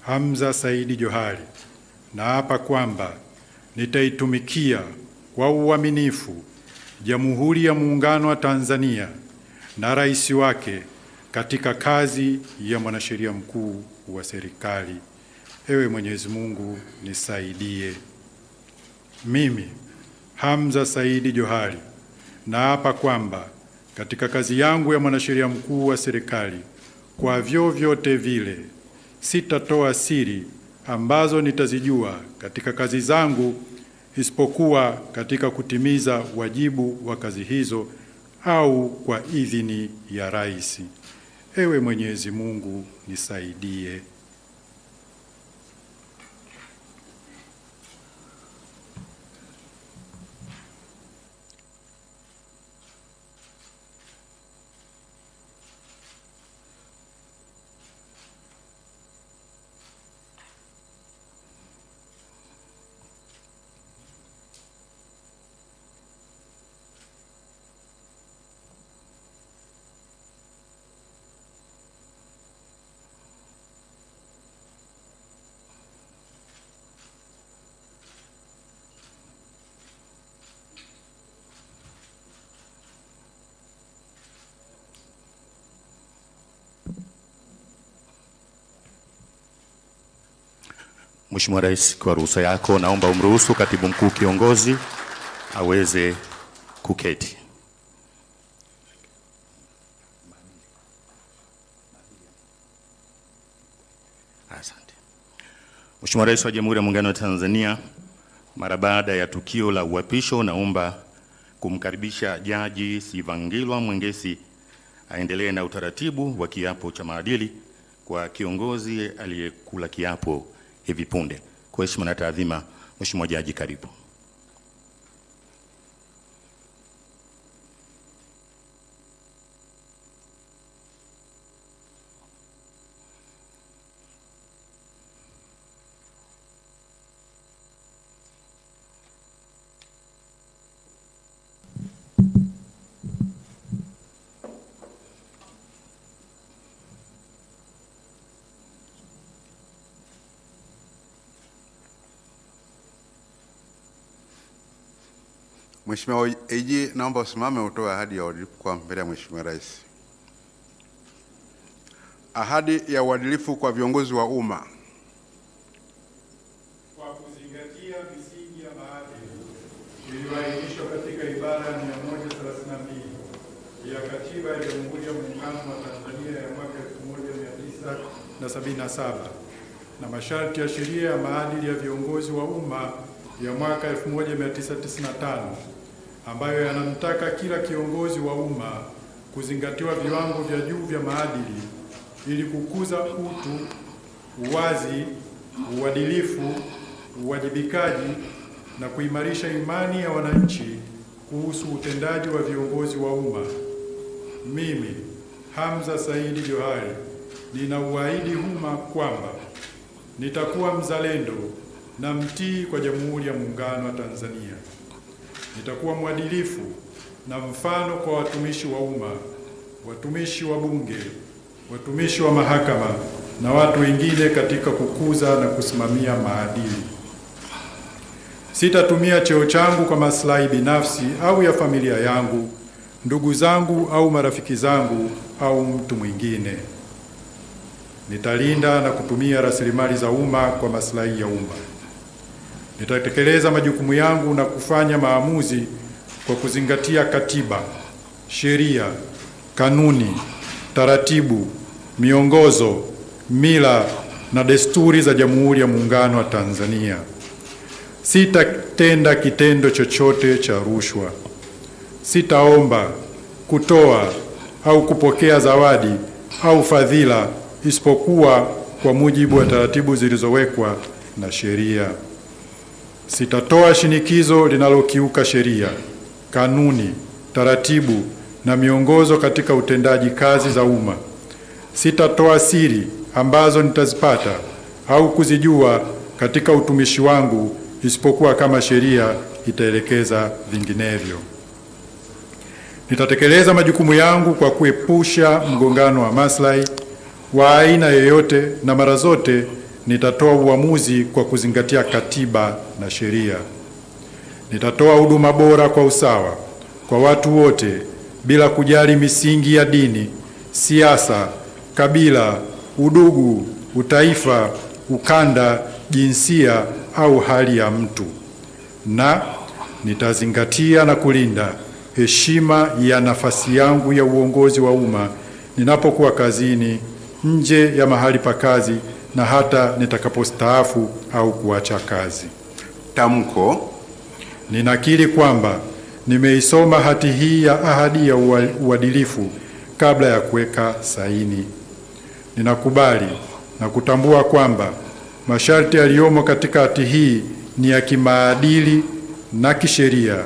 Hamza Saidi Johari, naapa kwamba nitaitumikia kwa uaminifu Jamhuri ya Muungano wa Tanzania na rais wake katika kazi ya mwanasheria mkuu wa serikali. Ewe Mwenyezi Mungu nisaidie. Mimi Hamza Saidi Johari naapa kwamba katika kazi yangu ya mwanasheria mkuu wa serikali kwa vyovyote vile sitatoa siri ambazo nitazijua katika kazi zangu isipokuwa katika kutimiza wajibu wa kazi hizo au kwa idhini ya rais. Ewe Mwenyezi Mungu, nisaidie. Mheshimiwa Rais, kwa ruhusa yako naomba umruhusu Katibu Mkuu Kiongozi aweze kuketi. Asante. Mheshimiwa Rais wa Jamhuri ya Muungano wa Tanzania, mara baada ya tukio la uapisho, naomba kumkaribisha Jaji Sivangilwa Mwengesi aendelee na utaratibu wa kiapo cha maadili kwa kiongozi aliyekula kiapo hivi punde. Kwa heshima na taadhima, Mheshimiwa Jaji, karibu. Mheshimiwa AG, naomba usimame utoe ahadi ya uadilifu kwa mbele ya Mheshimiwa Rais. Ahadi ya uadilifu kwa viongozi wa umma kwa kuzingatia misingi ya maadili iliyoainishwa katika ibara ya 132 ya Katiba ya Jamhuri ya Muungano wa Tanzania ya mwaka 1977 na masharti ya sheria ya maadili ya viongozi wa umma ya mwaka 1995 ambayo yanamtaka kila kiongozi wa umma kuzingatiwa viwango vya juu vya maadili ili kukuza utu, uwazi, uadilifu, uwajibikaji na kuimarisha imani ya wananchi kuhusu utendaji wa viongozi wa umma. Mimi Hamza Saidi Johari nina uahidi umma kwamba nitakuwa mzalendo na mtii kwa Jamhuri ya Muungano wa Tanzania. Nitakuwa mwadilifu na mfano kwa watumishi wa umma, watumishi wa bunge, watumishi wa mahakama na watu wengine katika kukuza na kusimamia maadili. Sitatumia cheo changu kwa maslahi binafsi au ya familia yangu, ndugu zangu au marafiki zangu au mtu mwingine. Nitalinda na kutumia rasilimali za umma kwa maslahi ya umma nitatekeleza majukumu yangu na kufanya maamuzi kwa kuzingatia katiba, sheria, kanuni, taratibu, miongozo, mila na desturi za Jamhuri ya Muungano wa Tanzania. Sitatenda kitendo chochote cha rushwa. Sitaomba, kutoa au kupokea zawadi au fadhila isipokuwa kwa mujibu wa taratibu zilizowekwa na sheria. Sitatoa shinikizo linalokiuka sheria, kanuni, taratibu na miongozo katika utendaji kazi za umma. Sitatoa siri ambazo nitazipata au kuzijua katika utumishi wangu isipokuwa kama sheria itaelekeza vinginevyo. Nitatekeleza majukumu yangu kwa kuepusha mgongano wa maslahi wa aina yoyote na mara zote Nitatoa uamuzi kwa kuzingatia katiba na sheria. Nitatoa huduma bora kwa usawa kwa watu wote bila kujali misingi ya dini, siasa, kabila, udugu, utaifa, ukanda, jinsia au hali ya mtu, na nitazingatia na kulinda heshima ya nafasi yangu ya uongozi wa umma ninapokuwa kazini, nje ya mahali pa kazi na hata nitakapostaafu au kuacha kazi. Tamko: ninakiri kwamba nimeisoma hati hii ya ahadi ya uadilifu kabla ya kuweka saini. Ninakubali na kutambua kwamba masharti yaliyomo katika hati hii ni ya kimaadili na kisheria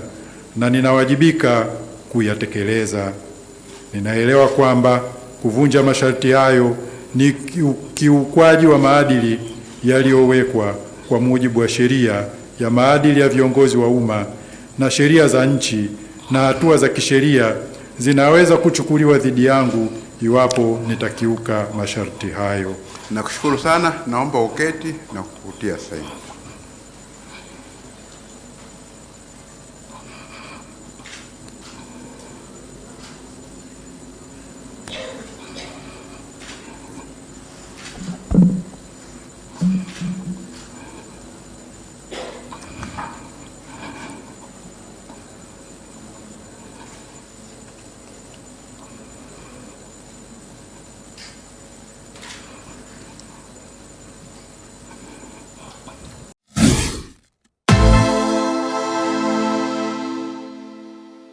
na ninawajibika kuyatekeleza. Ninaelewa kwamba kuvunja masharti hayo ni ukiukwaji wa maadili yaliyowekwa kwa mujibu wa sheria ya maadili ya viongozi wa umma na sheria za nchi, na hatua za kisheria zinaweza kuchukuliwa dhidi yangu iwapo nitakiuka masharti hayo. Nakushukuru sana, naomba uketi na kukutia saini.